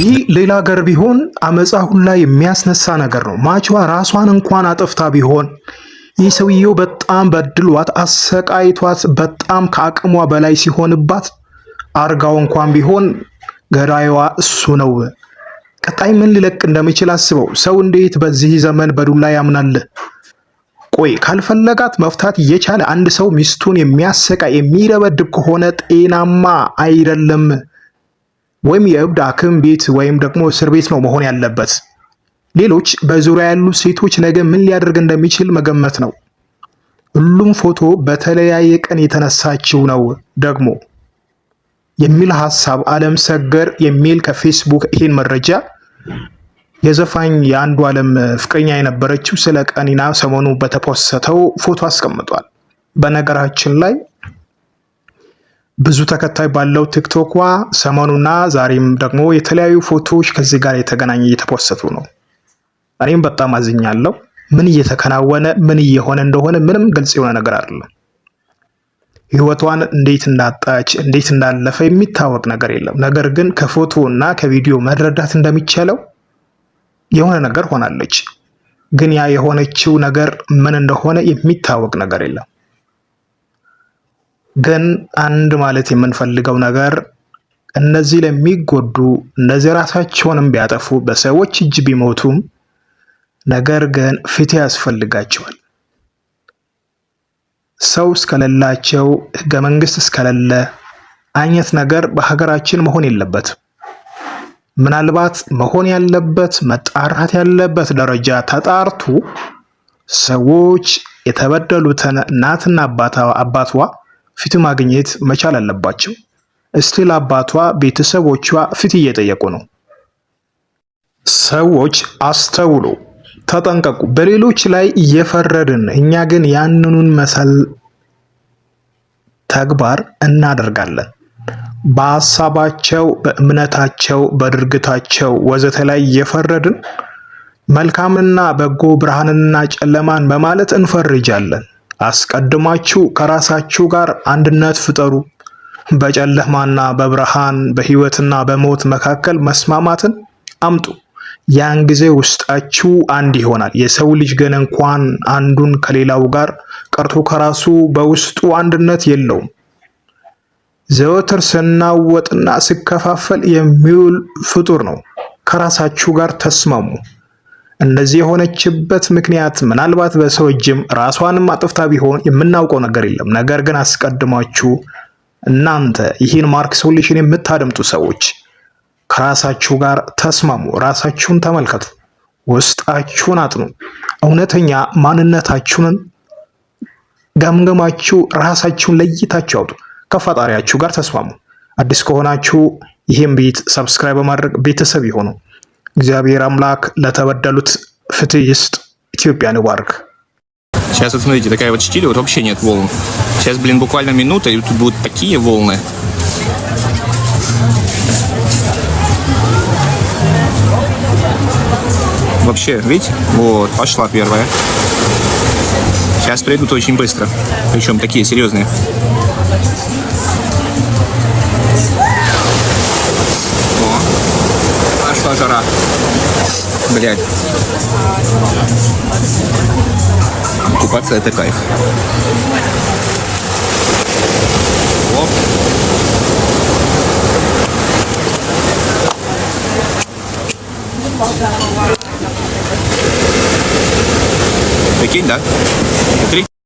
ይህ ሌላ ሀገር ቢሆን አመፃ ሁላ የሚያስነሳ ነገር ነው። ማችዋ ራሷን እንኳን አጠፍታ ቢሆን ይህ ሰውየው በጣም በድሏት አሰቃይቷት በጣም ከአቅሟ በላይ ሲሆንባት አርጋው እንኳን ቢሆን ገዳይዋ እሱ ነው። ቀጣይ ምን ሊለቅ እንደሚችል አስበው። ሰው እንዴት በዚህ ዘመን በዱላ ያምናል? ቆይ ካልፈለጋት መፍታት እየቻለ አንድ ሰው ሚስቱን የሚያሰቃይ የሚደበድብ ከሆነ ጤናማ አይደለም። ወይም የእብድ ሐኪም ቤት ወይም ደግሞ እስር ቤት ነው መሆን ያለበት። ሌሎች በዙሪያ ያሉ ሴቶች ነገ ምን ሊያደርግ እንደሚችል መገመት ነው። ሁሉም ፎቶ በተለያየ ቀን የተነሳችው ነው ደግሞ የሚል ሀሳብ አለም ሰገር የሚል ከፌስቡክ ይሄን መረጃ የዘፋኝ የአንዱ ዓለም ፍቅረኛ የነበረችው ስለ ቀኒና ሰሞኑ በተፖሰተው ፎቶ አስቀምጧል። በነገራችን ላይ ብዙ ተከታይ ባለው ቲክቶክዋ ሰሞኑና ዛሬም ደግሞ የተለያዩ ፎቶዎች ከዚህ ጋር የተገናኘ እየተፖሰቱ ነው። እኔም በጣም አዝኛለሁ። ምን እየተከናወነ ምን እየሆነ እንደሆነ ምንም ግልጽ የሆነ ነገር አይደለም። ህይወቷን እንዴት እንዳጣች እንዴት እንዳለፈ የሚታወቅ ነገር የለም። ነገር ግን ከፎቶ እና ከቪዲዮ መረዳት እንደሚቻለው የሆነ ነገር ሆናለች። ግን ያ የሆነችው ነገር ምን እንደሆነ የሚታወቅ ነገር የለም። ግን አንድ ማለት የምንፈልገው ነገር እነዚህ ለሚጎዱ እነዚህ ራሳቸውንም ቢያጠፉ በሰዎች እጅ ቢሞቱም ነገር ግን ፍትህ ያስፈልጋቸዋል። ሰው እስከሌላቸው ህገ መንግስት እስከሌለ አይነት ነገር በሀገራችን መሆን የለበትም። ምናልባት መሆን ያለበት መጣራት ያለበት ደረጃ ተጣርቱ ሰዎች የተበደሉትን እናትና አባቷ ፍትህ ማግኘት መቻል አለባቸው። እስቲል አባቷ ቤተሰቦቿ ፍትህ እየጠየቁ ነው። ሰዎች አስተውሉ፣ ተጠንቀቁ። በሌሎች ላይ እየፈረድን እኛ ግን ያንኑን መሰል ተግባር እናደርጋለን። በሀሳባቸው፣ በእምነታቸው፣ በድርግታቸው ወዘተ ላይ እየፈረድን መልካምና በጎ ብርሃንና ጨለማን በማለት እንፈርጃለን። አስቀድማችሁ ከራሳችሁ ጋር አንድነት ፍጠሩ። በጨለማና በብርሃን በህይወትና በሞት መካከል መስማማትን አምጡ። ያን ጊዜ ውስጣችሁ አንድ ይሆናል። የሰው ልጅ ግን እንኳን አንዱን ከሌላው ጋር ቀርቶ ከራሱ በውስጡ አንድነት የለውም። ዘወትር ስናወጥና ስከፋፈል የሚውል ፍጡር ነው። ከራሳችሁ ጋር ተስማሙ። እንደዚህ የሆነችበት ምክንያት ምናልባት በሰው እጅም ራሷንም አጥፍታ ቢሆን የምናውቀው ነገር የለም። ነገር ግን አስቀድማችሁ እናንተ ይህን ማርክ ሶሊሽን የምታደምጡ ሰዎች ከራሳችሁ ጋር ተስማሙ፣ ራሳችሁን ተመልከቱ፣ ውስጣችሁን አጥኑ፣ እውነተኛ ማንነታችሁንን ገምገማችሁ ራሳችሁን ለይታችሁ አውጡ፣ ከፈጣሪያችሁ ጋር ተስማሙ። አዲስ ከሆናችሁ ይህም ቤት ሰብስክራይብ በማድረግ ቤተሰብ ይሆነው። እግዚአብሔር አምላክ ለተበደሉት ፍትህ ይስጥ። ኢትዮጵያን ይባርክ። Сейчас вот смотрите, такая вот штиль, вот вообще нет волн. Сейчас, блин, буквально минута, и тут будут такие волны. Вообще, видите? Вот, пошла первая. Сейчас придут очень быстро. Причем такие серьезные. целая гора. Блять. Купаться это кайф. Оп. Прикинь, да? Три.